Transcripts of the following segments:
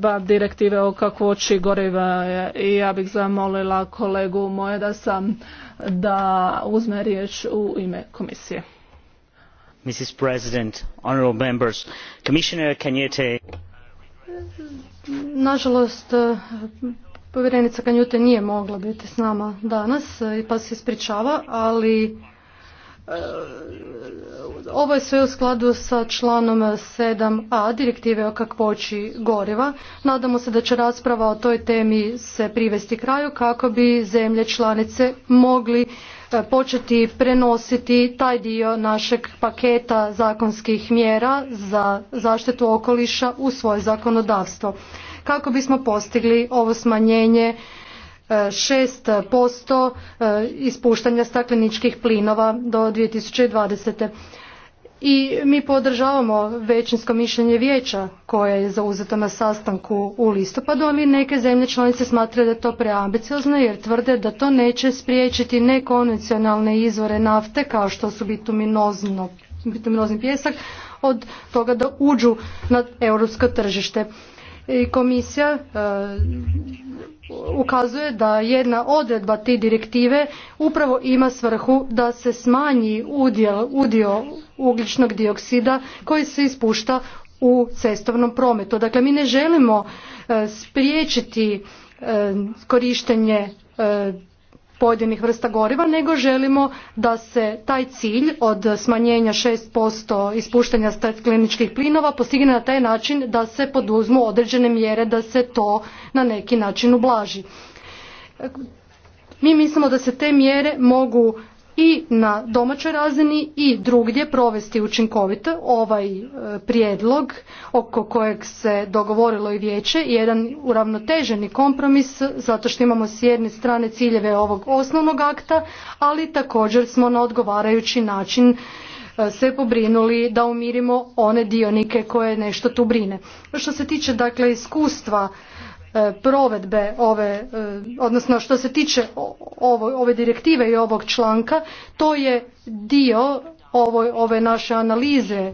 provedba direktive o kakvoći goriva i ja bih zamolila kolegu moje da sam da uzme riječ u ime komisije. Mrs. President, honorable members, Commissioner Kanjete. Nažalost, povjerenica Kanjute nije mogla biti s nama danas, pa se ispričava, ali ovo je sve u skladu sa članom 7a direktive o kakvoći goriva. Nadamo se da će rasprava o toj temi se privesti kraju kako bi zemlje članice mogli e, početi prenositi taj dio našeg paketa zakonskih mjera za zaštitu okoliša u svoje zakonodavstvo kako bismo postigli ovo smanjenje posto e, ispuštanja stakleničkih plinova do 2020. I mi podržavamo većinsko mišljenje vijeća koje je zauzeto na sastanku u listopadu, ali neke zemlje članice smatraju da je to preambiciozno jer tvrde da to neće spriječiti nekonvencionalne izvore nafte kao što su bituminozni pjesak od toga da uđu na europsko tržište komisija e, ukazuje da jedna odredba te direktive upravo ima svrhu da se smanji udjel, udio ugljičnog dioksida koji se ispušta u cestovnom prometu. Dakle, mi ne želimo e, spriječiti e, korištenje pojedinih vrsta goriva, nego želimo da se taj cilj od smanjenja 6% ispuštanja stakleničkih plinova postigne na taj način da se poduzmu određene mjere da se to na neki način ublaži. Mi mislimo da se te mjere mogu i na domaćoj razini i drugdje provesti učinkovito ovaj e, prijedlog oko kojeg se dogovorilo i vijeće jedan uravnoteženi kompromis zato što imamo s jedne strane ciljeve ovog osnovnog akta ali također smo na odgovarajući način e, se pobrinuli da umirimo one dionike koje nešto tu brine. Što se tiče dakle iskustva E, provedbe ove, e, odnosno što se tiče ove direktive i ovog članka, to je dio ove, ove naše analize e,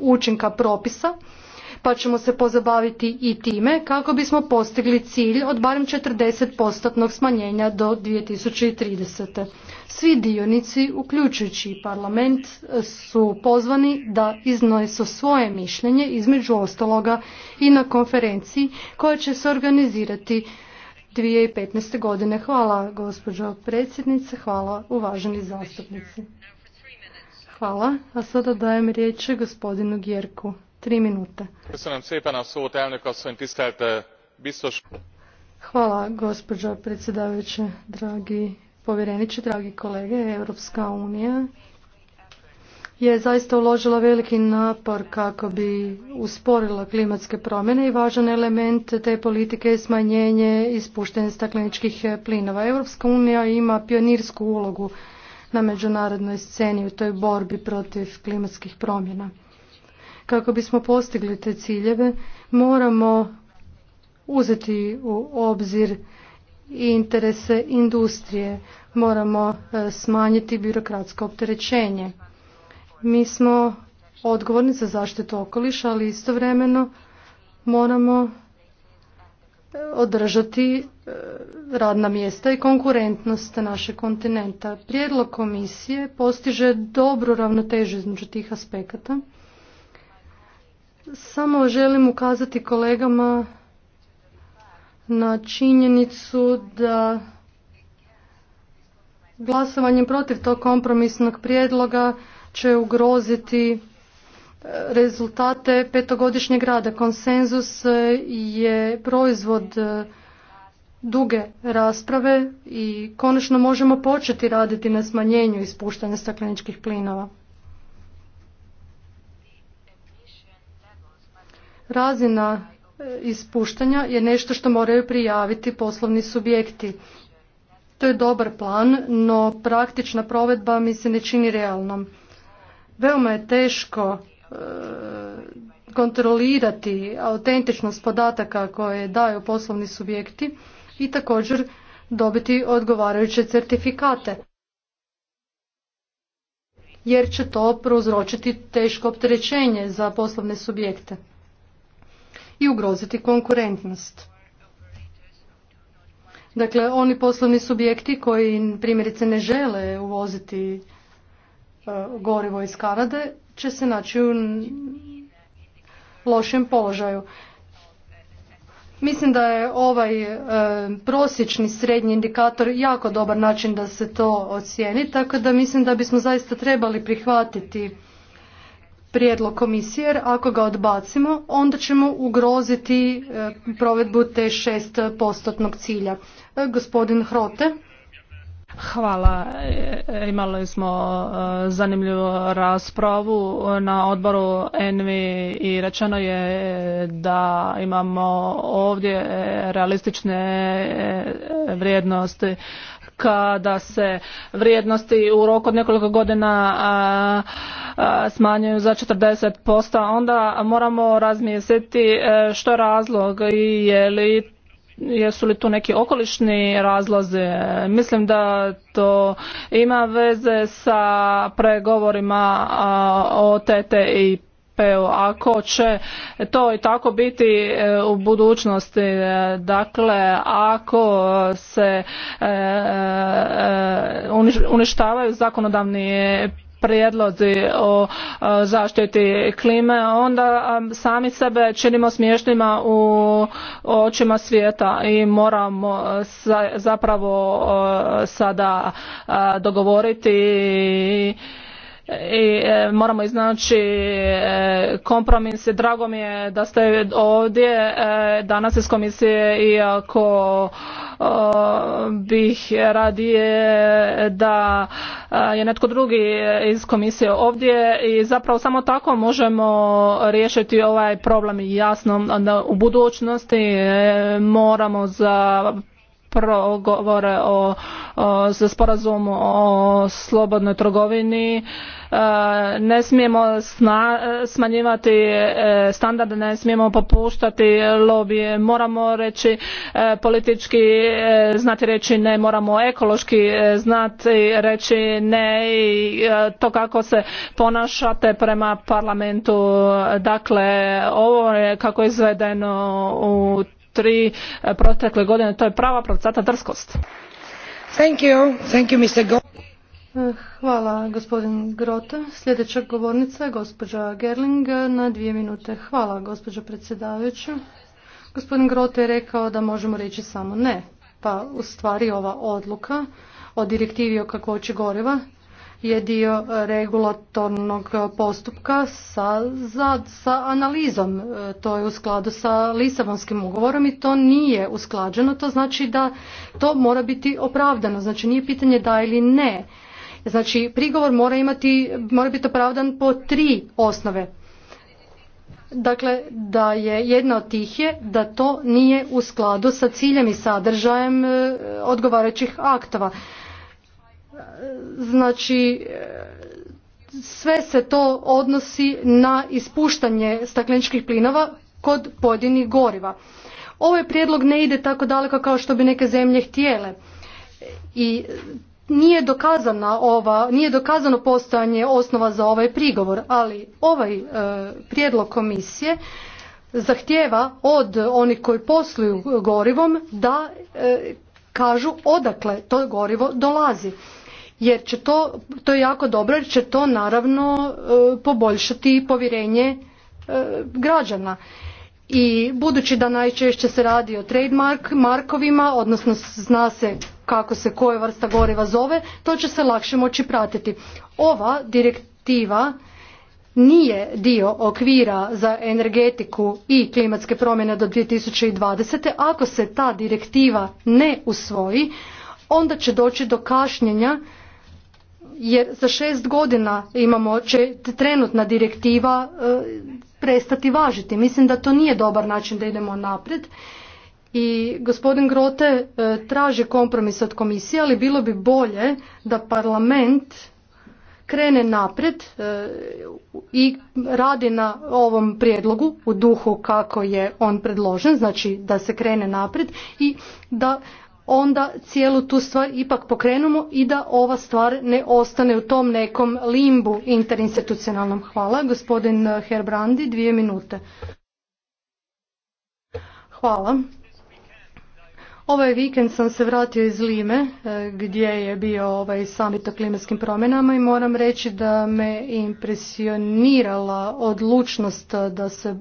učinka propisa pa ćemo se pozabaviti i time kako bismo postigli cilj od barem 40% smanjenja do 2030. Svi dionici, uključujući i parlament, su pozvani da su svoje mišljenje, između ostaloga i na konferenciji koja će se organizirati 2015. godine. Hvala gospođo predsjednice, hvala uvaženi zastupnici. Hvala, a sada dajem riječ gospodinu Gjerku. Tri minute. Eh, hvala gospođo predsjedavajuće, dragi povjereniče, dragi kolege, Europska unija je zaista uložila veliki napor kako bi usporila klimatske promjene i važan element te politike je smanjenje ispuštenja stakleničkih plinova. Europska unija ima pionirsku ulogu na međunarodnoj sceni u toj borbi protiv klimatskih promjena. Kako bismo postigli te ciljeve, moramo uzeti u obzir i interese industrije. Moramo e, smanjiti birokratsko opterećenje. Mi smo odgovorni za zaštitu okoliša, ali istovremeno moramo e, održati e, radna mjesta i konkurentnost našeg kontinenta. Prijedlog komisije postiže dobru ravnotežu između tih aspekata. Samo želim ukazati kolegama na činjenicu da glasovanjem protiv tog kompromisnog prijedloga će ugroziti e, rezultate petogodišnjeg rada. Konsenzus e, je proizvod e, duge rasprave i konačno možemo početi raditi na smanjenju ispuštanja stakleničkih plinova. Razina E, ispuštanja je nešto što moraju prijaviti poslovni subjekti. To je dobar plan, no praktična provedba mi se ne čini realnom. Veoma je teško e, kontrolirati autentičnost podataka koje daju poslovni subjekti i također dobiti odgovarajuće certifikate jer će to prouzročiti teško opterećenje za poslovne subjekte i ugroziti konkurentnost. Dakle, oni poslovni subjekti koji primjerice ne žele uvoziti e, gorivo iz Kanade će se naći u lošem položaju. Mislim da je ovaj e, prosječni srednji indikator jako dobar način da se to ocijeni, tako da mislim da bismo zaista trebali prihvatiti prijedlog komisije jer ako ga odbacimo onda ćemo ugroziti e, provedbu te šest postotnog cilja. E, gospodin Hrote. Hvala. E, imali smo zanimljivu raspravu na odboru ENVI i rečeno je da imamo ovdje realistične vrijednosti kada se vrijednosti u roku od nekoliko godina smanjuju za 40%, onda moramo razmisliti e, što je razlog i je jesu li tu neki okolišni razlozi. Mislim da to ima veze sa pregovorima o TTIP pa ako će to i tako biti e, u budućnosti e, dakle ako se e, uništavaju zakonodavni prijedlozi o zaštiti klime onda sami sebe činimo smiješnima u očima svijeta i moramo zapravo sada dogovoriti i e, moramo iznaći e, kompromis. Drago mi je da ste ovdje e, danas iz komisije iako bih radije da je netko drugi iz komisije ovdje i zapravo samo tako možemo riješiti ovaj problem jasno u budućnosti moramo za progovore o, o za o slobodnoj trgovini e, ne smijemo smanjivati e, standarde ne smijemo popuštati lobije moramo reći e, politički znati reći ne moramo ekološki znati reći ne i to kako se ponašate prema parlamentu dakle ovo je kako je izvedeno u tri e, protekle godine. To je prava pravcata drskost. Thank you. Thank you, Mr. E, hvala gospodin Grota. Sljedeća govornica je gospođa Gerling na dvije minute. Hvala gospođa predsjedavajuća. Gospodin Grote je rekao da možemo reći samo ne. Pa u stvari ova odluka o direktivi o kakvoći goriva je dio regulatornog postupka sa, analizom. E, to je u skladu sa Lisabonskim ugovorom i to nije usklađeno. To znači da to mora biti opravdano. Znači nije pitanje da ili ne. Znači prigovor mora, imati, mora biti opravdan po tri osnove. Dakle, da je jedna od tih je da to nije u skladu sa ciljem i sadržajem e, odgovarajućih aktova znači sve se to odnosi na ispuštanje stakleničkih plinova kod pojedinih goriva. Ovaj prijedlog ne ide tako daleko kao što bi neke zemlje htjele i nije dokazana ova, nije dokazano postojanje osnova za ovaj prigovor, ali ovaj e, prijedlog komisije zahtjeva od onih koji posluju gorivom da e, kažu odakle to gorivo dolazi jer će to, to je jako dobro jer će to naravno e, poboljšati povjerenje e, građana. I budući da najčešće se radi o trademark markovima, odnosno zna se kako se koja vrsta goriva zove, to će se lakše moći pratiti. Ova direktiva nije dio okvira za energetiku i klimatske promjene do 2020. Ako se ta direktiva ne usvoji, onda će doći do kašnjenja jer za šest godina imamo će trenutna direktiva e, prestati važiti. Mislim da to nije dobar način da idemo naprijed. I gospodin Grote e, traži kompromis od komisije, ali bilo bi bolje da parlament krene naprijed e, i radi na ovom prijedlogu u duhu kako je on predložen, znači da se krene naprijed i da onda cijelu tu stvar ipak pokrenemo i da ova stvar ne ostane u tom nekom limbu interinstitucionalnom. Hvala. Gospodin Herbrandi, dvije minute. Hvala. Ovaj vikend sam se vratio iz Lime e, gdje je bio ovaj samit o klimatskim promjenama i moram reći da me impresionirala odlučnost da se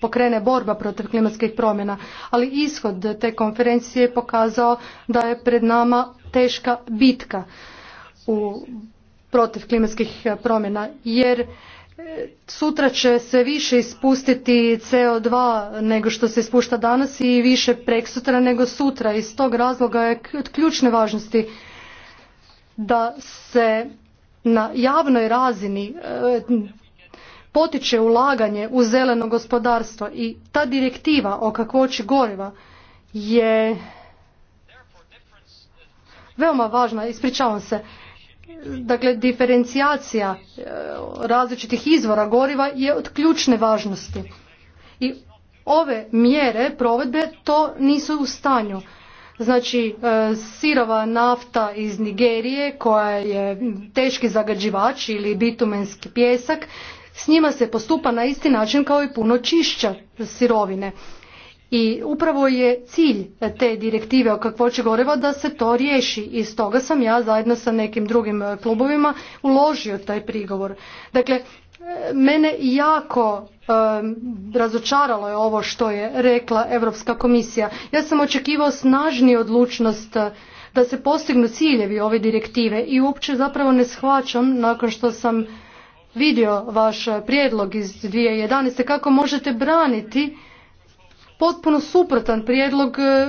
pokrene borba protiv klimatskih promjena, ali ishod te konferencije je pokazao da je pred nama teška bitka u protiv klimatskih e, promjena jer e, sutra će se više ispustiti CO2 nego što se ispušta danas i više preksutra nego sutra. Iz tog razloga je od ključne važnosti da se na javnoj razini e, potiče ulaganje u zeleno gospodarstvo i ta direktiva o kakvoći goriva je veoma važna, ispričavam se, dakle diferencijacija e, različitih izvora goriva je od ključne važnosti. I ove mjere provedbe to nisu u stanju. Znači, e, sirova nafta iz Nigerije koja je teški zagađivač ili bitumenski pjesak s njima se postupa na isti način kao i puno čišća sirovine. I upravo je cilj te direktive o kakvoći goriva da se to riješi. I stoga sam ja zajedno sa nekim drugim e, klubovima uložio taj prigovor. Dakle, e, mene jako e, razočaralo je ovo što je rekla Europska komisija. Ja sam očekivao snažniju odlučnost da se postignu ciljevi ove direktive i uopće zapravo ne shvaćam nakon što sam vidio vaš prijedlog iz 2011. kako možete braniti potpuno suprotan prijedlog e,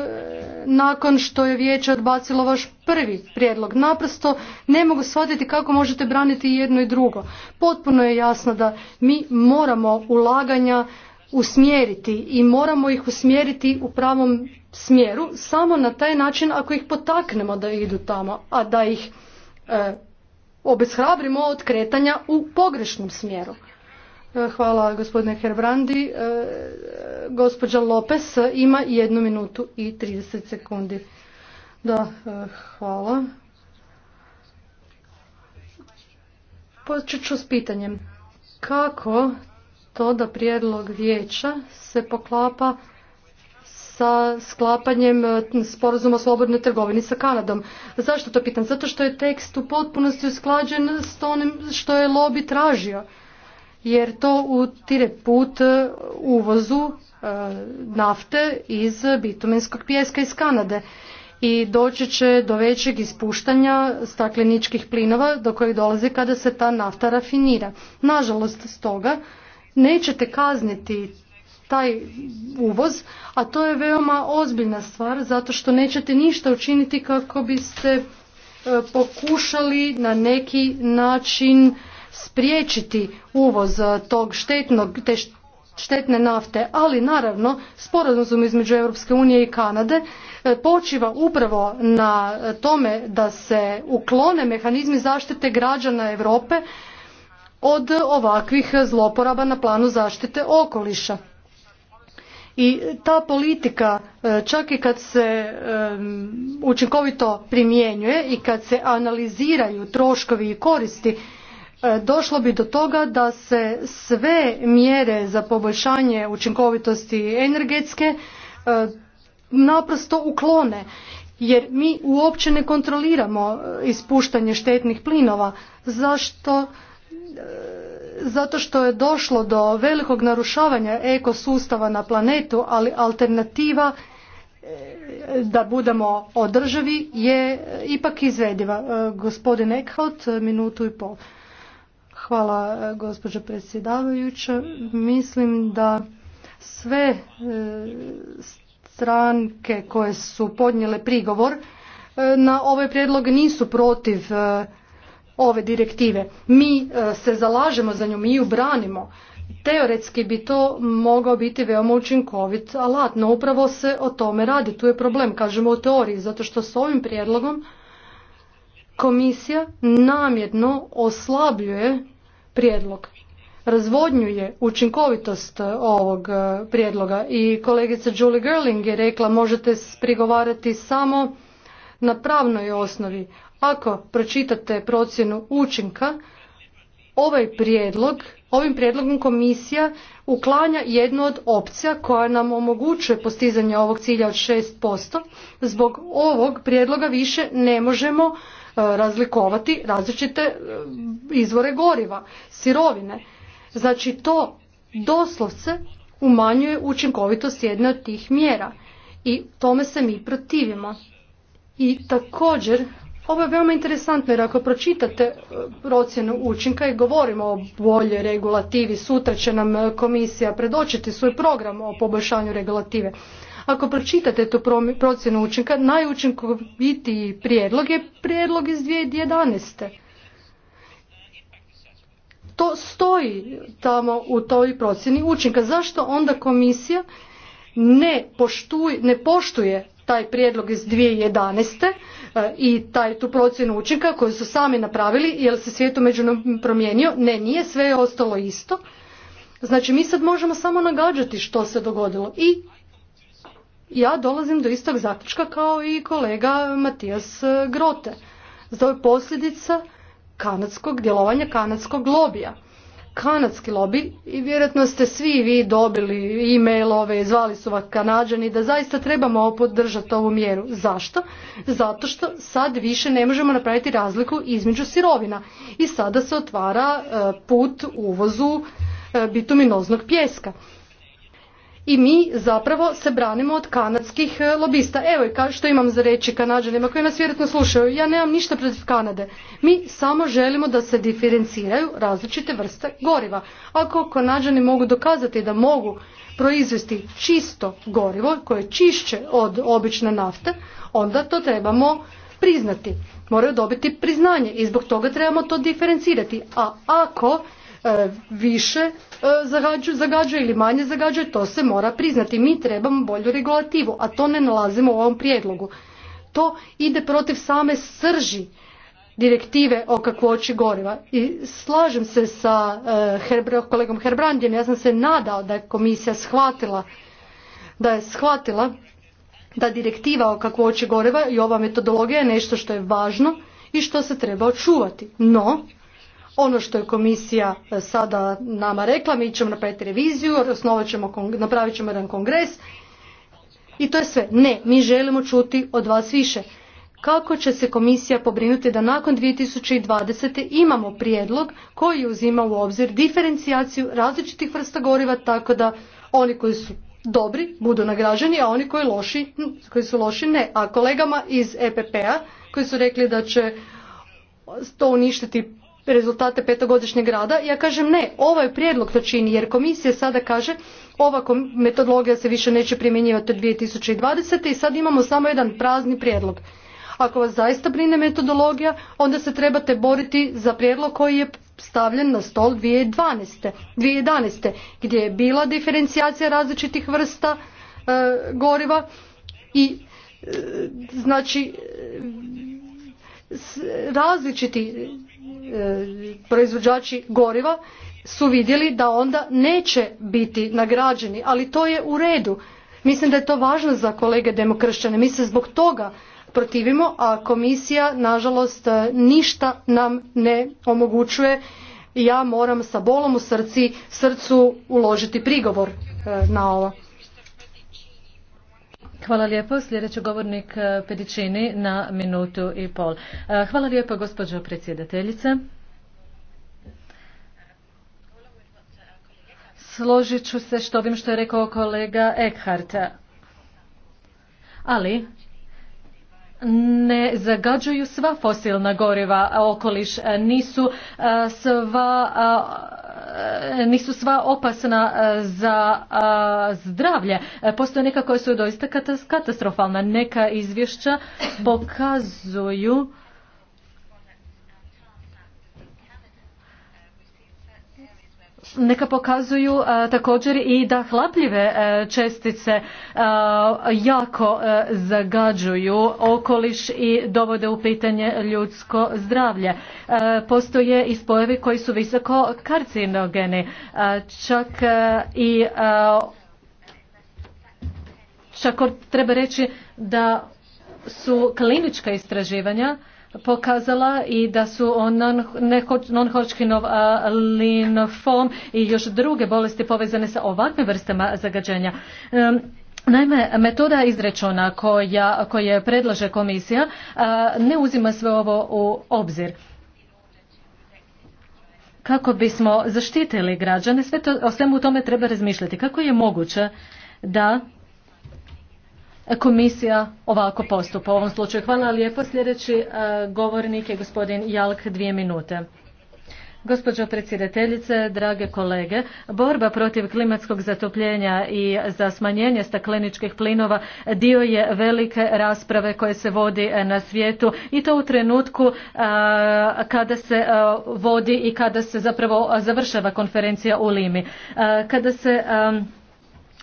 nakon što je vijeće odbacilo vaš prvi prijedlog. Naprosto ne mogu shvatiti kako možete braniti jedno i drugo. Potpuno je jasno da mi moramo ulaganja usmjeriti i moramo ih usmjeriti u pravom smjeru samo na taj način ako ih potaknemo da idu tamo, a da ih e, obeshrabrimo od kretanja u pogrešnom smjeru. E, hvala gospodine Herbrandi. E, gospođa Lopes ima jednu minutu i 30 sekundi. Da, e, hvala. Počet ću s pitanjem. Kako to da prijedlog vijeća se poklapa sa sklapanjem e, sporazuma o slobodnoj trgovini sa Kanadom. Zašto to pitam? Zato što je tekst u potpunosti usklađen s onim što je lobby tražio. Jer to utire put e, uvozu e, nafte iz bitumenskog pijeska iz Kanade i doći će do većeg ispuštanja stakleničkih plinova do kojih dolazi kada se ta nafta rafinira. Nažalost stoga nećete kazniti taj uvoz, a to je veoma ozbiljna stvar zato što nećete ništa učiniti kako biste e, pokušali na neki način spriječiti uvoz e, tog štetnog, te štetne nafte, ali naravno sporazum između Europske unije i Kanade e, počiva upravo na tome da se uklone mehanizmi zaštite građana Europe od ovakvih zloporaba na planu zaštite okoliša i ta politika e, čak i kad se e, učinkovito primjenjuje i kad se analiziraju troškovi i koristi e, došlo bi do toga da se sve mjere za poboljšanje učinkovitosti energetske naprosto uklone jer mi uopće ne kontroliramo ispuštanje štetnih plinova zašto zato što je došlo do velikog narušavanja ekosustava na planetu, ali alternativa e, da budemo održivi je e, ipak izvediva. E, gospodin Eckhout, minutu i pol. Hvala gospođo predsjedavajuća. Mislim da sve stranke koje su podnijele prigovor na ovaj prijedlog nisu protiv ove direktive. Mi e, se zalažemo za nju, mi ju branimo. Teoretski bi to mogao biti veoma učinkovit alat, no upravo se o tome radi. Tu je problem, kažemo u teoriji, zato što s ovim prijedlogom komisija namjerno oslabljuje prijedlog. Razvodnjuje učinkovitost e, ovog e, prijedloga i kolegica Julie Gerling je rekla možete prigovarati samo na pravnoj osnovi, ako pročitate procjenu učinka, ovaj prijedlog, ovim prijedlogom komisija uklanja jednu od opcija koja nam omogućuje postizanje ovog cilja od 6%. Zbog ovog prijedloga više ne možemo e, razlikovati različite e, izvore goriva, sirovine. Znači to doslovce umanjuje učinkovitost jedne od tih mjera i tome se mi protivimo. I također ovo je veoma interesantno jer ako pročitate e, procjenu učinka i govorimo o boljoj regulativi, sutra će nam e, komisija predočiti svoj program o poboljšanju regulative. Ako pročitate tu procjenu učinka, najučinkovitiji prijedlog je prijedlog iz 2011. To stoji tamo u toj procjeni učinka. Zašto onda komisija ne, ne poštuje taj prijedlog iz 2011 E, i taj, tu procjenu učinka koju su sami napravili, jer se svijet u promijenio? Ne, nije, sve je ostalo isto. Znači mi sad možemo samo nagađati što se dogodilo i ja dolazim do istog zaključka kao i kolega Matijas e, Grote. je posljedica kanadskog djelovanja kanadskog lobija kanadski lobby i vjerojatno ste svi vi dobili e-mailove, zvali su vas kanadžani da zaista trebamo podržati ovu mjeru. Zašto? Zato što sad više ne možemo napraviti razliku između sirovina i sada se otvara e, put uvozu e, bituminoznog pjeska i mi zapravo se branimo od kanadskih e, lobista. Evo i što imam za reći kanadžanima koji nas vjerojatno slušaju. Ja nemam ništa protiv Kanade. Mi samo želimo da se diferenciraju različite vrste goriva. Ako kanadžani mogu dokazati da mogu proizvesti čisto gorivo koje je čišće od obične nafte, onda to trebamo priznati. Moraju dobiti priznanje i zbog toga trebamo to diferencirati. A ako E, više e, zagađuju, ili manje zagađuje, to se mora priznati. Mi trebamo bolju regulativu, a to ne nalazimo u ovom prijedlogu. To ide protiv same srži direktive o kakvoći goriva. I slažem se sa e, kolegom Herbrandjem, ja sam se nadao da je komisija shvatila da je shvatila da direktiva o kakvoći goriva i ova metodologija je nešto što je važno i što se treba očuvati. No, ono što je komisija e, sada nama rekla, mi ćemo napraviti reviziju, osnovat ćemo, napravit ćemo jedan kongres i to je sve. Ne, mi želimo čuti od vas više. Kako će se komisija pobrinuti da nakon 2020. imamo prijedlog koji uzima u obzir diferencijaciju različitih vrsta goriva tako da oni koji su dobri budu nagrađeni, a oni koji, loši, hm, koji su loši ne. A kolegama iz EPP-a koji su rekli da će to uništiti rezultate petogodišnjeg rada. Ja kažem ne, ovaj prijedlog to čini jer komisija sada kaže ova metodologija se više neće primjenjivati od 2020. i sad imamo samo jedan prazni prijedlog. Ako vas zaista brine metodologija, onda se trebate boriti za prijedlog koji je stavljen na stol 2012. 2011. gdje je bila diferencijacija različitih vrsta e, goriva i e, znači e, različiti E, proizvođači goriva su vidjeli da onda neće biti nagrađeni, ali to je u redu. Mislim da je to važno za kolege demokršćane. Mi se zbog toga protivimo, a komisija nažalost e, ništa nam ne omogućuje. Ja moram sa bolom u srci, srcu uložiti prigovor e, na ovo. Hvala lijepo. Sljedeći govornik e, Pedičini na minutu i pol. E, hvala lijepo gospođo predsjedateljice. Složit ću se što ovim što je rekao kolega Eckhart. Ali ne zagađuju sva fosilna goriva okoliš, e, nisu sva E, nisu sva opasna e, za zdravlje. E, postoje neka koja su doista katastrofalna. Neka izvješća pokazuju neka pokazuju e, također i da hlapljive e, čestice e, jako zagađuju okoliš i dovode u pitanje ljudsko zdravlje. Postoje i spojevi koji su visoko karcinogeni, čak i čak treba reći da su klinička istraživanja pokazala i da su non-Hodgkinov linfom i još druge bolesti povezane sa ovakvim vrstama zagađenja. Naime, metoda izrečona koja, predlaže komisija ne uzima sve ovo u obzir. Kako bismo zaštitili građane, sve to, o svemu tome treba razmišljati. Kako je moguće da komisija ovako postupa u ovom slučaju. Hvala lijepo. Sljedeći e, govornik je gospodin Jalk, dvije minute. Gospođo predsjedateljice, drage kolege, borba protiv klimatskog zatopljenja i za smanjenje stakleničkih plinova dio je velike rasprave koje se vodi e, na svijetu i to u trenutku e, kada se vodi i kada se zapravo završava konferencija u Limi. kada se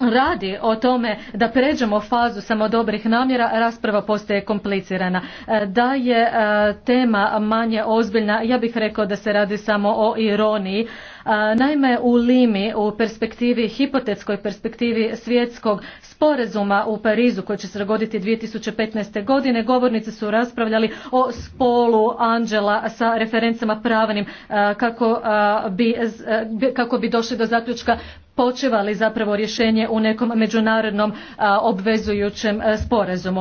radi o tome da pređemo fazu samo dobrih namjera, rasprava postaje komplicirana. E, da je e, tema manje ozbiljna, ja bih rekao da se radi samo o ironiji. E, naime, u Limi, u perspektivi, hipotetskoj perspektivi svjetskog sporazuma u Parizu koji će se dogoditi 2015. godine, govornici su raspravljali o spolu Anđela sa referencama pravnim kako bi, kako bi došli do zaključka počiva li zapravo rješenje u nekom međunarodnom obvezujućem sporazumu.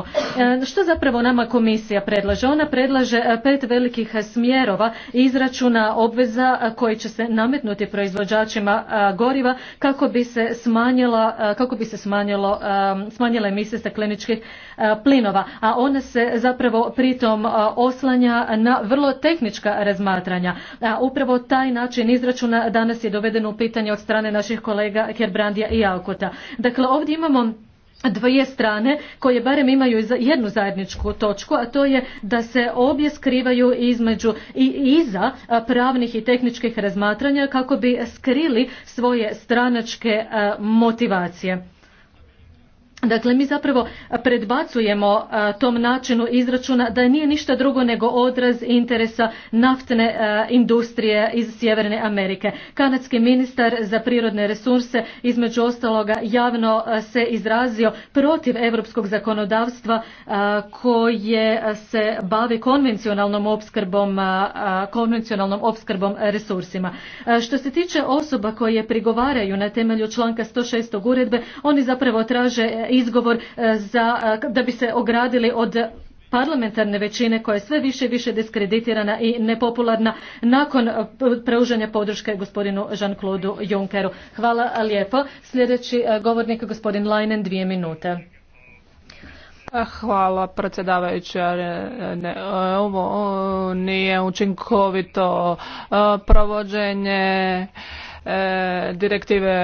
E, što zapravo nama komisija predlaže? Ona predlaže e, pet velikih smjerova izračuna obveza koji će se nametnuti proizvođačima goriva kako bi se smanjila, kako bi se smanjilo, smanjile emisije stakleničkih plinova, a ona se zapravo pritom oslanja na vrlo tehnička razmatranja. Upravo taj način izračuna danas je doveden u pitanje od strane naših kolega kolega Herbrandija i Alkota. Dakle, ovdje imamo dvije strane koje barem imaju jednu zajedničku točku, a to je da se obje skrivaju između i iza pravnih i tehničkih razmatranja kako bi skrili svoje stranačke motivacije. Dakle, mi zapravo predbacujemo tom načinu izračuna da nije ništa drugo nego odraz interesa naftne industrije iz Sjeverne Amerike. Kanadski ministar za prirodne resurse između ostaloga javno se izrazio protiv europskog zakonodavstva koje se bavi konvencionalnom opskrbom, konvencionalnom opskrbom resursima. Što se tiče osoba koje prigovaraju na temelju članka 106. uredbe, oni zapravo traže izgovor e, za, e, da bi se ogradili od parlamentarne većine koja je sve više i više diskreditirana i nepopularna nakon e, preuženja podrške gospodinu Jean-Claude Junckeru. Hvala lijepo. Sljedeći govornik gospodin Leinen, dvije minute. Hvala predsjedavajuća. ovo nije učinkovito provođenje E, direktive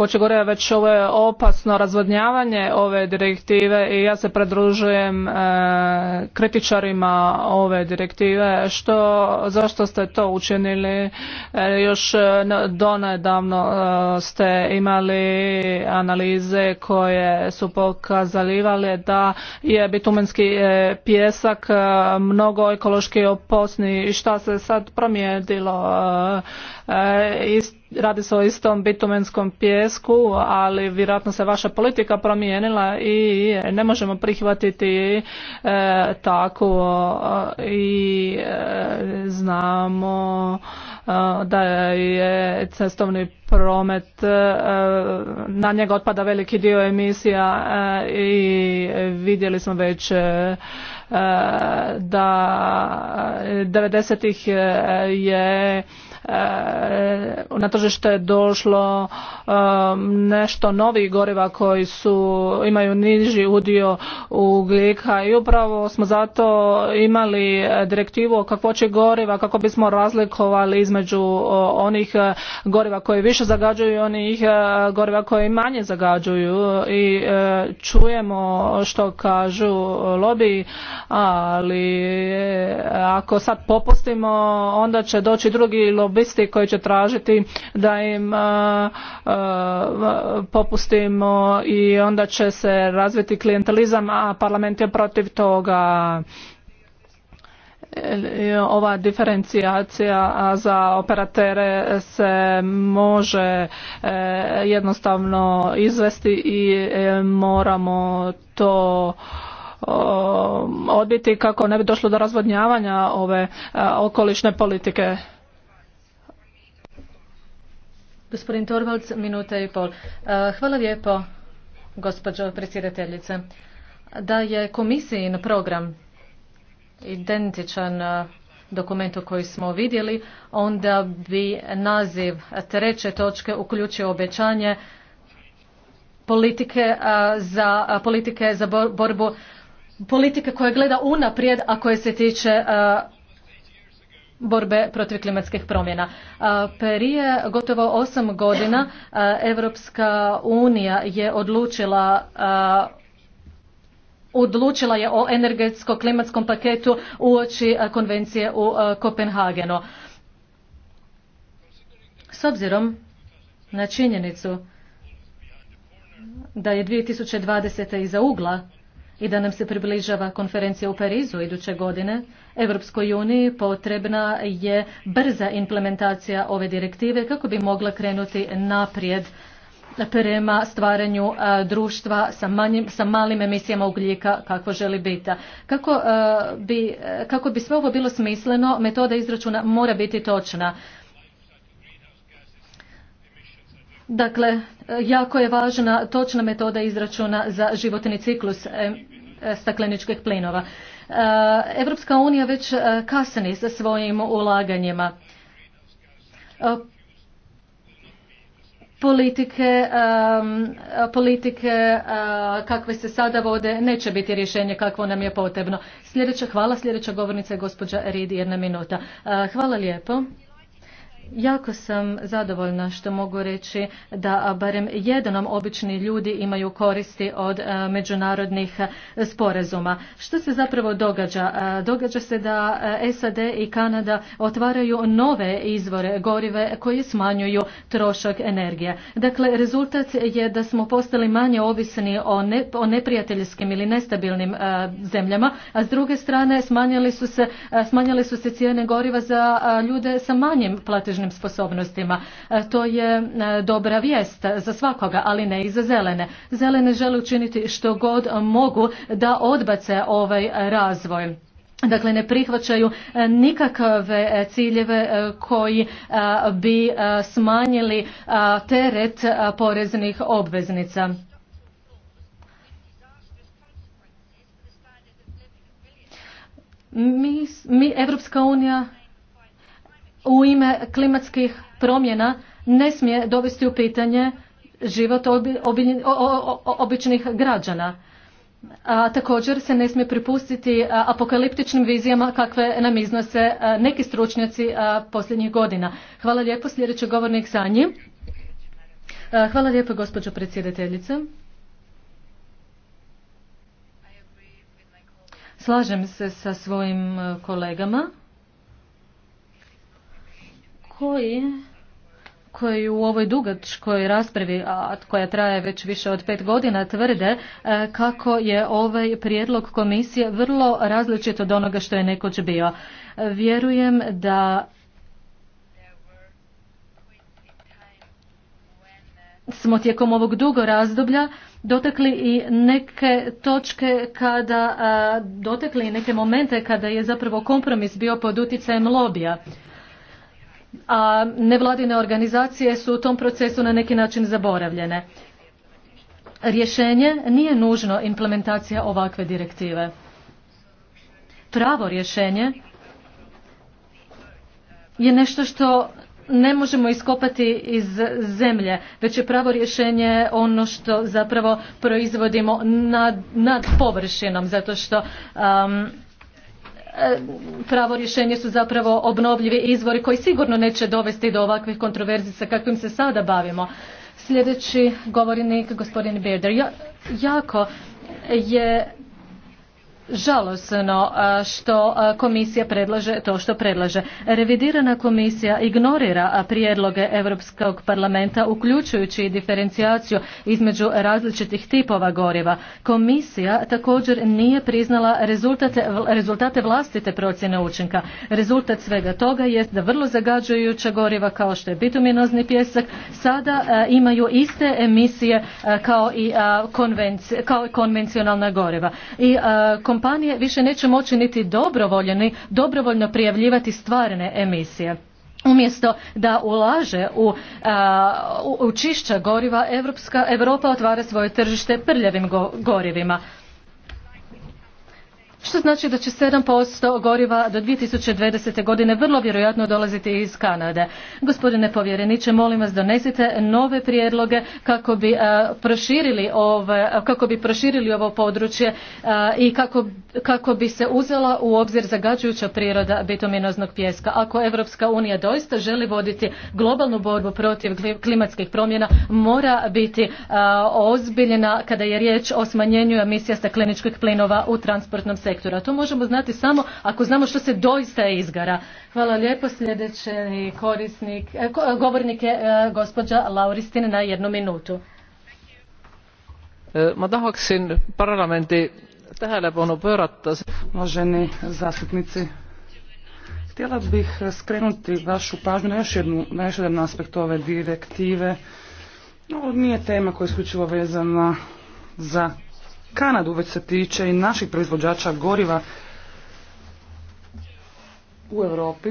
o će gore već ovo je opasno razvodnjavanje ove direktive i ja se pridružujem e, kritičarima ove direktive što zašto ste to učinili e, još donedavno ste imali analize koje su pokazali da je bitumenski pjesak mnogo ekološki opasni i šta se sad promijenilo E, radi se o istom bitumenskom pjesku, ali vjerojatno se vaša politika promijenila i ne možemo prihvatiti e, tako e, i znamo da je cestovni promet, na njega otpada veliki dio emisija i vidjeli smo već da 90-ih je na tržište je došlo um, nešto novih goriva koji su imaju niži udio ugljika i upravo smo zato imali direktivu o će goriva kako bismo razlikovali između onih e, goriva koji više zagađuju i onih e, goriva koji manje zagađuju i e, čujemo što kažu lobiji ali ako sad popustimo onda će doći drugi lobby lobisti koji će tražiti da im popustimo i onda će se razviti klijentelizam, a parlament je protiv toga ova diferencijacija za operatere se može e, jednostavno izvesti i e, moramo to odbiti kako ne bi došlo do razvodnjavanja ove okolišne politike. Gospodin Torvalds, minuta i pol. E, hvala lijepo, gospođo predsjedateljice. Da je komisijin program identičan e, dokumentu koji smo vidjeli, onda bi naziv treće točke uključio obećanje politike e, za, politike za borbu politike koje gleda unaprijed, a koje se tiče borbe protiv klimatskih promjena. Prije gotovo osam godina Europska unija je odlučila odlučila je o energetsko-klimatskom paketu uoči konvencije u Kopenhagenu. S obzirom na činjenicu da je 2020. iza ugla, i da nam se približava konferencija u Parizu iduće godine, Evropskoj uniji potrebna je brza implementacija ove direktive kako bi mogla krenuti naprijed prema stvaranju e, društva sa, manjim, sa malim emisijama ugljika kako želi biti. Kako, e, bi, e, kako bi sve ovo bilo smisleno, metoda izračuna mora biti točna. Dakle, jako je važna točna metoda izračuna za životni ciklus e, e, stakleničkih plinova. Europska unija već e, kasni sa svojim ulaganjima. Politike, politike kakve se sada vode neće biti rješenje kakvo nam je potrebno. hvala sljedeća govornica je gospođa Rid, jedna minuta. Hvala lijepo. Jako sam zadovoljna što mogu reći da barem jednom obični ljudi imaju koristi od e, međunarodnih e, sporazuma. Što se zapravo događa? E, događa se da SAD i Kanada otvaraju nove izvore gorive koji smanjuju trošak energije. Dakle, rezultat je da smo postali manje ovisni o, neprijateljskim ili nestabilnim zemljama, a s druge strane smanjali su se, su se cijene goriva za ljude sa manjim platežom sposobnostima. E, to je e, dobra vijest za svakoga, ali ne i za zelene. Zelene žele učiniti što god mogu da odbace ovaj razvoj. Dakle, ne prihvaćaju e, nikakve ciljeve koji bi smanjili teret poreznih obveznica. Mi, mi Evropska unija u ime klimatskih promjena ne smije dovesti u pitanje život običnih građana. A, također se ne smije pripustiti apokaliptičnim vizijama kakve nam iznose neki stručnjaci posljednjih godina. Hvala lijepo sljedeći govornik Sanji. Hvala lijepo gospođo predsjedateljice. Slažem se sa svojim kolegama koji koji u ovoj dugačkoj raspravi, a koja traje već više od pet godina, tvrde e, kako je ovaj prijedlog komisije vrlo različit od onoga što je nekoć bio. Vjerujem da smo tijekom ovog dugo razdoblja dotekli i neke točke kada, e, dotekli i neke momente kada je zapravo kompromis bio pod utjecajem lobija a nevladine organizacije su u tom procesu na neki način zaboravljene. Rješenje nije nužno implementacija ovakve direktive. Pravo rješenje je nešto što ne možemo iskopati iz zemlje, već je pravo rješenje ono što zapravo proizvodimo nad, površinom, zato što um, E, pravo rješenje su zapravo obnovljivi izvori koji sigurno neće dovesti do ovakvih kontroverzi sa kakvim se sada bavimo. Sljedeći govornik, gospodin Berder. jako je žalosno što komisija predlaže to što predlaže. Revidirana komisija ignorira prijedloge Europskog parlamenta uključujući i diferencijaciju između različitih tipova goriva. Komisija također nije priznala rezultate, vlastite procjene učinka. Rezultat svega toga jest da vrlo zagađujuća goriva kao što je bituminozni pjesak sada imaju iste emisije kao i, kao konvencionalna goriva. I kompanije više neće moći niti dobrovoljeni, dobrovoljno prijavljivati stvarne emisije umjesto da ulaže u, u, čišća goriva Evropska, europa otvara svoje tržište prljavim gorivima što znači da će 7% goriva do 2020. godine vrlo vjerojatno dolaziti iz Kanade. Gospodine povjereniče, molim vas donesite nove prijedloge kako bi proširili ove, kako bi proširili ovo područje i kako, kako bi se uzela u obzir zagađujuća priroda bituminoznog pjeska. Ako Evropska unija doista želi voditi globalnu borbu protiv klimatskih promjena, mora biti ozbiljena kada je riječ o smanjenju emisija stakleničkih plinova u transportnom sektoru a To možemo znati samo ako znamo što se doista izgara. Hvala lijepo. Sljedeći korisnik, e, govornik je e, gospođa Lauristin na jednu minutu. E, ma tahaksin parlamenti tähelepanu pöörata. Moženi zastupnici, htjela bih skrenuti vašu pažnju na još, jednu, na jedan aspekt ove direktive. Ovo nije tema koja je isključivo vezana za Kanadu, već se tiče i naših proizvođača goriva u Europi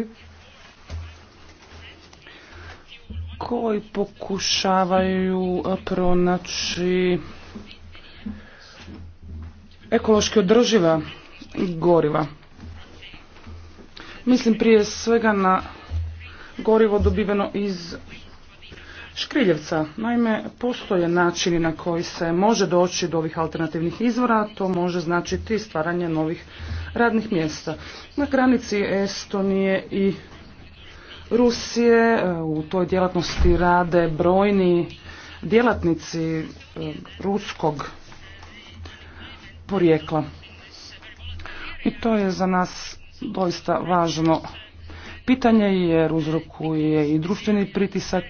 koji pokušavaju pronaći ekološki održiva goriva. Mislim prije svega na gorivo dobiveno iz škriljevca. Naime, postoje načini na koji se može doći do ovih alternativnih izvora, to može značiti stvaranje novih radnih mjesta. Na granici Estonije i Rusije e, u toj djelatnosti rade brojni djelatnici e, ruskog porijekla. I to je za nas doista važno pitanje jer uzrokuje i društveni pritisak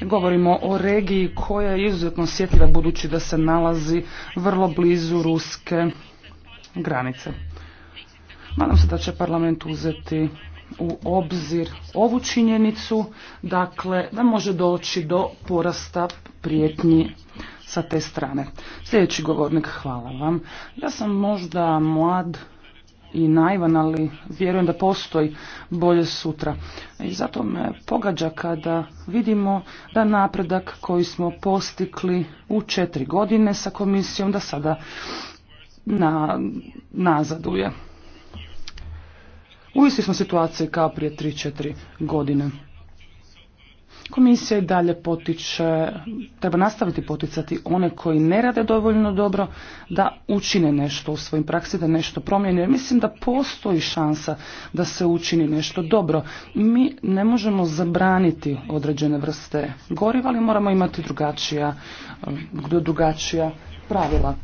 Govorimo o regiji koja je izuzetno osjetljiva budući da se nalazi vrlo blizu ruske granice. Nadam se da će parlament uzeti u obzir ovu činjenicu, dakle da može doći do porasta prijetnji sa te strane. Sljedeći govornik, hvala vam. Ja sam možda mlad i naivan, ali vjerujem da postoji bolje sutra. I zato me pogađa kada vidimo da napredak koji smo postikli u četiri godine sa komisijom da sada na, nazaduje. U isti smo situaciji kao prije tri, četiri godine. Komisija i dalje potiče, treba nastaviti poticati one koji ne rade dovoljno dobro da učine nešto u svojim praksi, da nešto promijene. Jer mislim da postoji šansa da se učini nešto dobro. Mi ne možemo zabraniti određene vrste goriva, ali moramo imati drugačija, drugačija pravila.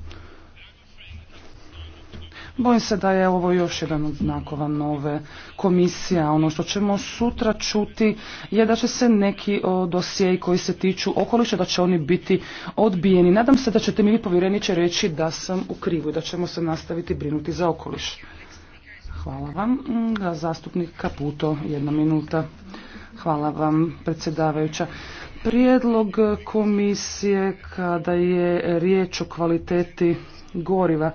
Bojim se da je ovo još jedan od znakova nove komisija. Ono što ćemo sutra čuti je da će se neki dosjei koji se tiču okoliša, da će oni biti odbijeni. Nadam se da ćete mi vi povjereniče reći da sam u krivu i da ćemo se nastaviti brinuti za okoliš. Hvala vam. Zastupnik Kaputo, jedna minuta. Hvala vam, predsjedavajuća. Prijedlog komisije kada je riječ o kvaliteti goriva.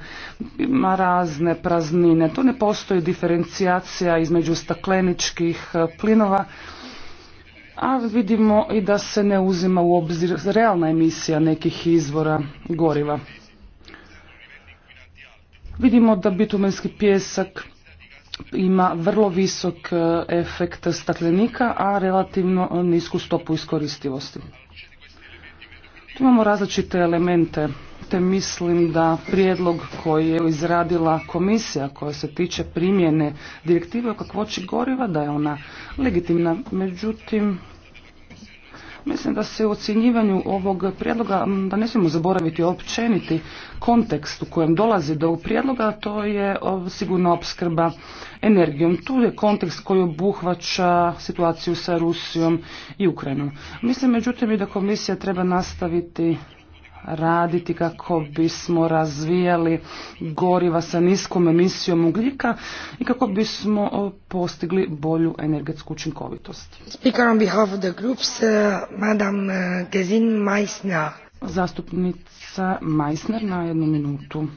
Ima razne praznine. Tu ne postoji diferencijacija između stakleničkih e, plinova, a vidimo i da se ne uzima u obzir realna emisija nekih izvora goriva. Vidimo da bitumenski pjesak ima vrlo visok e, efekt staklenika, a relativno e, nisku stopu iskoristivosti. Tu imamo različite elemente te mislim da prijedlog koji je izradila komisija koja se tiče primjene direktive o kakvoći goriva da je ona legitimna. Međutim, mislim da se u ocjenjivanju ovog prijedloga da ne smijemo zaboraviti općeniti kontekst u kojem dolazi do ovog prijedloga, to je sigurno opskrba energijom. Tu je kontekst koji obuhvaća situaciju sa Rusijom i Ukrajinom. Mislim međutim i da komisija treba nastaviti raditi kako bismo razvijali goriva sa niskom emisijom ugljika i kako bismo postigli bolju energetsku učinkovitost. Speaker on behalf of the groups, uh, Madam uh, Gezin Meissner. Zastupnica Meissner na jednu minutu.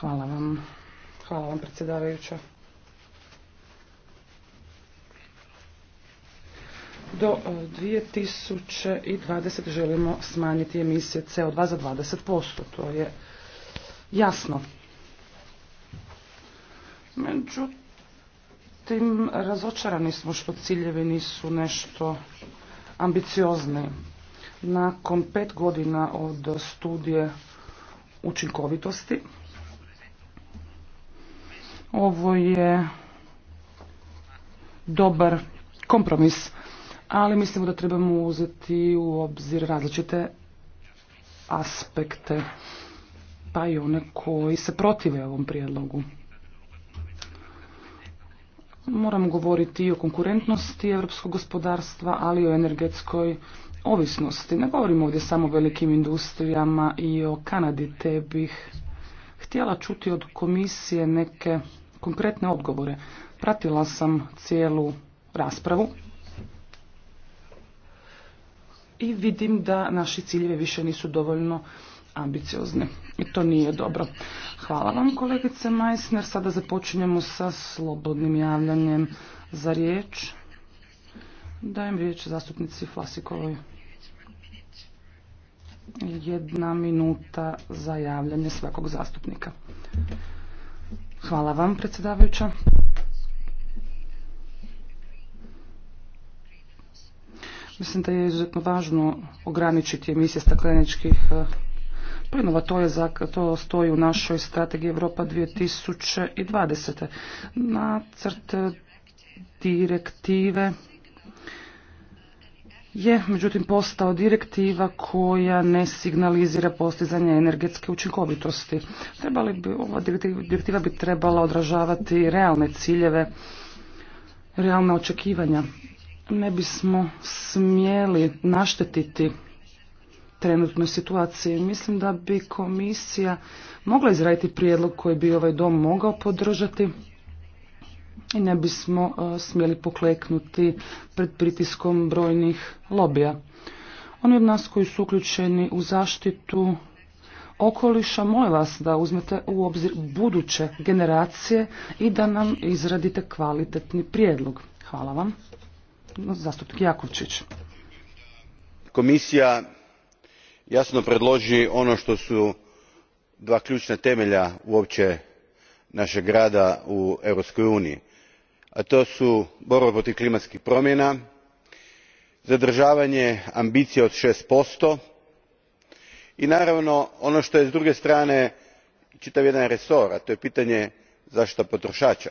Hvala vam. Hvala vam predsjedavajuća. do 2020 e, želimo smanjiti emisije CO2 za 20%. To je jasno. Međutim, razočarani smo što ciljevi nisu nešto ambiciozni. Nakon pet godina od studije učinkovitosti, ovo je dobar kompromis ali mislimo da trebamo uzeti u obzir različite aspekte, pa i one koji se protive ovom prijedlogu. Moramo govoriti i o konkurentnosti europskog gospodarstva, ali i o energetskoj ovisnosti. Ne govorimo ovdje samo o velikim industrijama i o Kanadi, te bih htjela čuti od komisije neke konkretne odgovore. Pratila sam cijelu raspravu i vidim da naši ciljevi više nisu dovoljno ambiciozni. I to nije dobro. Hvala vam kolegice Majsner. Sada započinjemo sa slobodnim javljanjem za riječ. Dajem riječ zastupnici Flasikovoj. Jedna minuta za javljanje svakog zastupnika. Hvala vam predsjedavajuća. Mislim da je izuzetno važno ograničiti emisije stakleničkih e, plinova. To, je, to stoji u našoj strategiji Europa 2020. Nacrt direktive je međutim postao direktiva koja ne signalizira postizanje energetske učinkovitosti. Trebali bi, ova direktiva bi trebala odražavati realne ciljeve, realna očekivanja ne bismo smjeli naštetiti trenutnoj situaciji. Mislim da bi komisija mogla izraditi prijedlog koji bi ovaj dom mogao podržati i ne bismo e, smjeli pokleknuti pred pritiskom brojnih lobija. Oni od nas koji su uključeni u zaštitu okoliša, molim vas da uzmete u obzir buduće generacije i da nam izradite kvalitetni prijedlog. Hvala vam zastupnik Jakovčić. Komisija jasno predloži ono što su dva ključna temelja uopće našeg rada u europskoj uniji a to su borba protiv klimatskih promjena zadržavanje ambicija od posto i naravno ono što je s druge strane čitav jedan resor a to je pitanje zaštite potrošača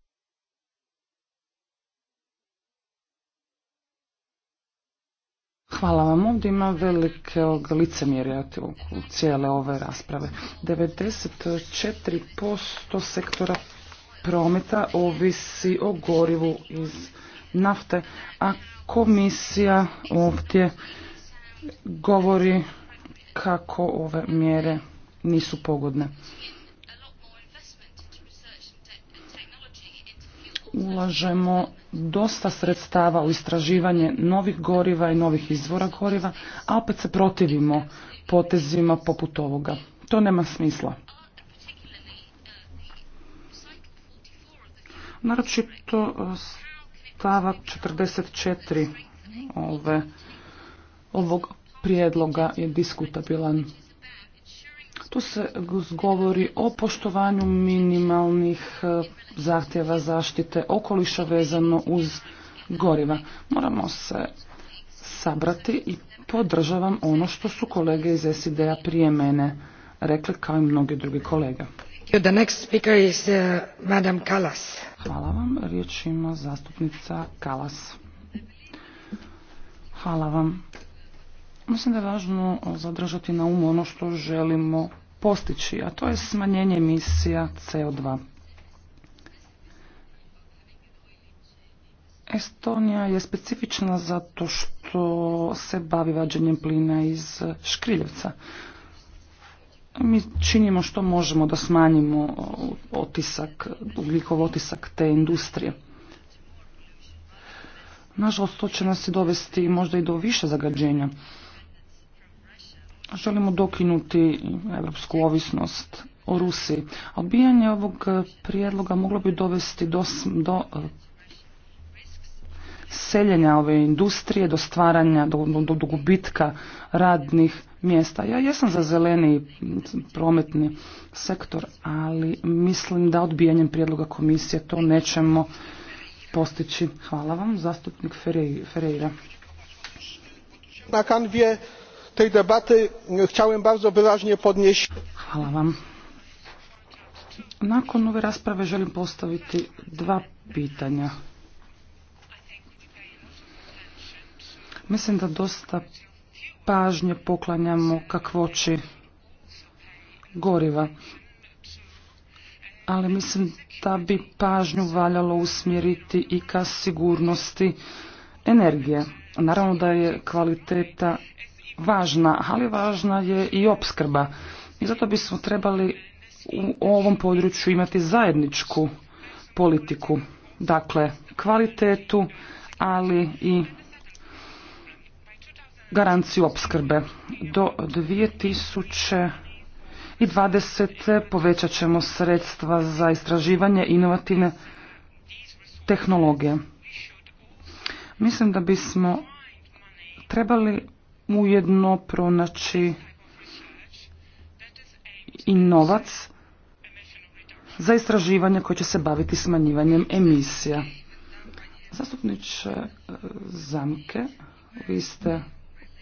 Hvala vam. Ovdje ima velikog licemjerja u cijele ove rasprave. 94% sektora prometa ovisi o gorivu iz nafte, a komisija ovdje govori kako ove mjere nisu pogodne. Ulažemo dosta sredstava u istraživanje novih goriva i novih izvora goriva, a opet se protivimo potezima poput ovoga. To nema smisla. to e, stavak 44 ove, ovog prijedloga je diskutabilan. Tu se govori o poštovanju minimalnih e, zahtjeva zaštite okoliša vezano uz goriva. Moramo se sabrati i podržavam ono što su kolege iz SID-a prije mene rekli kao i mnogi drugi kolega. The next speaker is, uh, Madam Kalas. Hvala vam. Riječ ima zastupnica Kalas. Hvala vam. Mislim da je važno zadržati na umu ono što želimo postići, a to je smanjenje emisija CO2. Estonija je specifična zato što se bavi vađenjem plina iz škriljevca. Mi činimo što možemo da smanjimo otisak, ugljikov otisak te industrije. Nažalost, to će nas i dovesti možda i do više zagađenja. Želimo dokinuti evropsku ovisnost o Rusiji. Odbijanje ovog prijedloga moglo bi dovesti do, e, seljenja ove industrije, do stvaranja, do, do, gubitka radnih mjesta. Ja jesam za zeleni prometni sektor, ali mislim da odbijanjem prijedloga komisije to nećemo postići. Hvala vam, zastupnik Ferreira tej debaty chciałem bardzo wyraźnie podnieść Hvala vam. Nakon ove rasprave želim postaviti dva pitanja. Mislim da dosta pažnje poklanjamo kakvoći goriva. Ali mislim da bi pažnju valjalo usmjeriti i ka sigurnosti energije. Naravno da je kvaliteta važna, ali važna je i opskrba. I zato bismo trebali u ovom području imati zajedničku politiku. Dakle, kvalitetu, ali i garanciju opskrbe. Do 2020. povećat ćemo sredstva za istraživanje inovativne tehnologije. Mislim da bismo trebali ujedno pronaći i novac za istraživanje koje će se baviti smanjivanjem emisija. Zastupniče e, Zamke, vi ste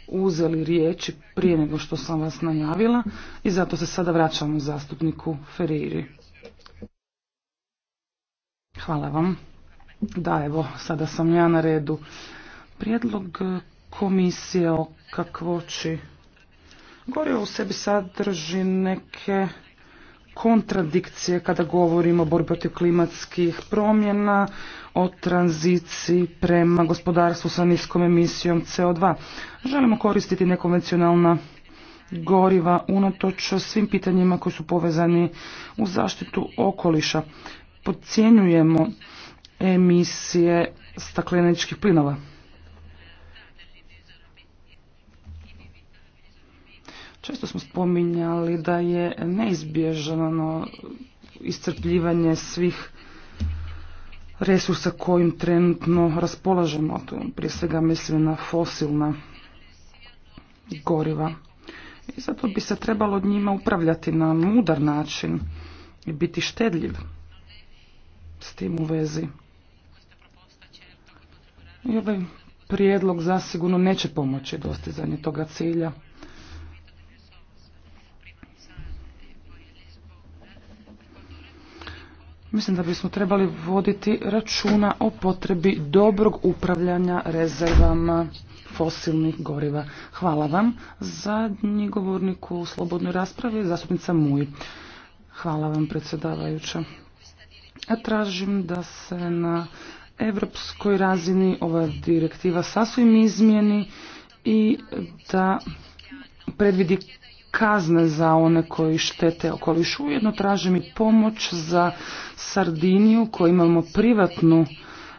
uzeli riječi prije nego što sam vas najavila i zato se sada vraćamo zastupniku Feriri. Hvala vam. Da, evo, sada sam ja na redu. Prijedlog komisije o kakvoći Gorivo u sebi sadrži neke kontradikcije kada govorimo o borbi protiv klimatskih promjena, o tranziciji prema gospodarstvu sa niskom emisijom CO2. Želimo koristiti nekonvencionalna goriva unatoč svim pitanjima koji su povezani u zaštitu okoliša. Podcjenjujemo emisije stakleničkih plinova. Često smo spominjali da je neizbježano iscrpljivanje svih resursa kojim trenutno raspolažemo. Tu prije svega mislim na fosilna goriva. I zato bi se trebalo njima upravljati na mudar način i biti štedljiv s tim u vezi. I ovaj prijedlog zasigurno neće pomoći dostizanje toga cilja. Mislim da bismo trebali voditi računa o potrebi dobrog upravljanja rezervama fosilnih goriva. Hvala vam. Zadnji govornik u slobodnoj raspravi zastupnica Muj. Hvala vam predsjedavajuća. tražim da se na europskoj razini ova direktiva sasvim izmijeni i da predvidi kazne za one koji štete okolišu. Ujedno tražim i pomoć za Sardiniju koju imamo privatnu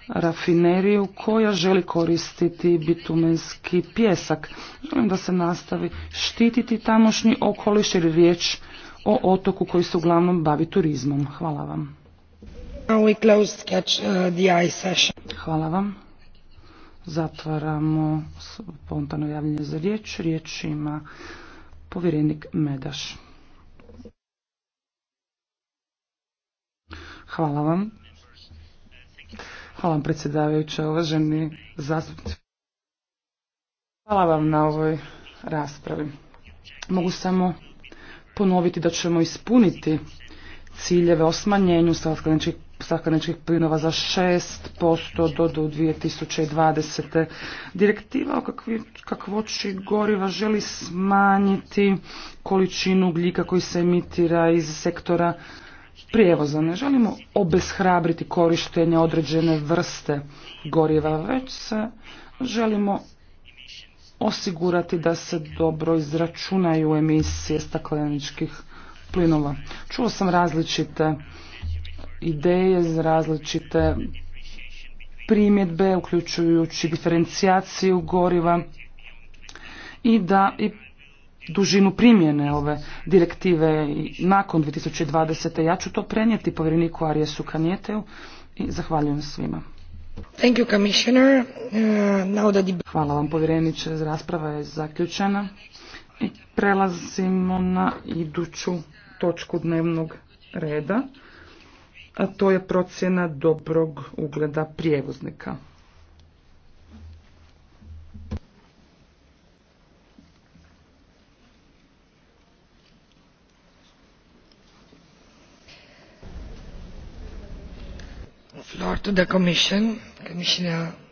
rafineriju koja želi koristiti bitumenski pjesak. Želim da se nastavi štititi tamošnji okoliš jer riječ o otoku koji se uglavnom bavi turizmom. Hvala vam. Uh, Hvala vam. Zatvaramo spontano javljanje za riječ. Riječ ima povjerenik Medaš. Hvala vam. Hvala vam predsjedavajuća, uvaženi zastupnici. Hvala vam na ovoj raspravi. Mogu samo ponoviti da ćemo ispuniti ciljeve o smanjenju stakleničkih stakleničkih plinova za 6% do, do 2020. Direktiva o kakvi, kakvoći goriva želi smanjiti količinu ugljika koji se emitira iz sektora prijevoza. Ne želimo obeshrabriti korištenje određene vrste goriva, već se želimo osigurati da se dobro izračunaju emisije stakleničkih plinova. Čuo sam različite ideje, za različite primjedbe, uključujući diferencijaciju goriva i da i dužinu primjene ove direktive nakon 2020. Ja ću to prenijeti povjereniku Arijesu Kanjeteu i zahvaljujem svima. Thank you, Commissioner. Uh, Hvala vam povjereniče, rasprava je zaključena i prelazimo na iduću točku dnevnog reda a to je procjena dobrog ugleda prijevoznika. Floor to the Commission, Commissioner